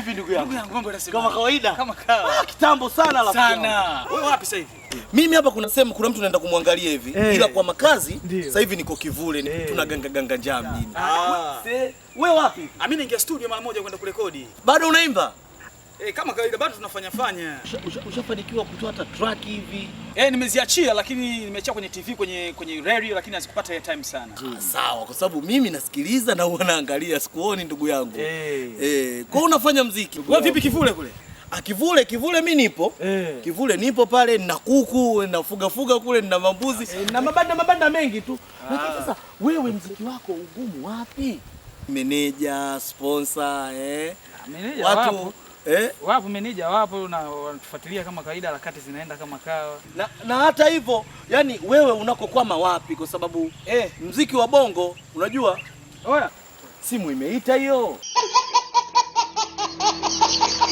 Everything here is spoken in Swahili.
Vipi ndugu yangu? Ndugu yangu mambo yanasema kama kawaida. Kama kawaida. Ah, kitambo sana la. Sana. Wewe wapi sasa hivi? Mimi hapa kuna sehemu kuna mtu anaenda kumwangalia hivi hey. Eh. Ila kwa makazi sasa hivi niko Kivule ni hey. Eh. Tuna ganga ganga njaa mjini. Ah. ah. Wewe wapi? Ah, mimi naingia studio mara moja kwenda kurekodi. Bado unaimba? Eh, kama kawaida bado tunafanya fanya. Ushafanikiwa usha kutoa hata track hivi? Eh, nimeziachia lakini nimeachia kwenye TV kwenye kwenye radio lakini hazikupata airtime sana. Ah, sawa kwa sababu mimi nasikiliza na huwa naangalia sikuoni ndugu yangu. Eh. Hey. Eh, kwa unafanya mziki. Wewe vipi kivule kule? Ah, kivule kivule mimi nipo. Hey. Eh. Kivule nipo pale na kuku na fuga fuga kule na mambuzi hey, eh, na mabanda mabanda mengi tu. Ah. Lakini sasa wewe mziki wako ugumu wapi? Meneja, sponsor, eh. Ah, meneja watu wapo eh? Wapo meneja wapo na wanatufuatilia kama kawaida, harakati zinaenda kama kawa na, na hata hivyo yani wewe unakokwama wapi? Kwa sababu eh, mziki wa bongo unajua, oya simu imeita hiyo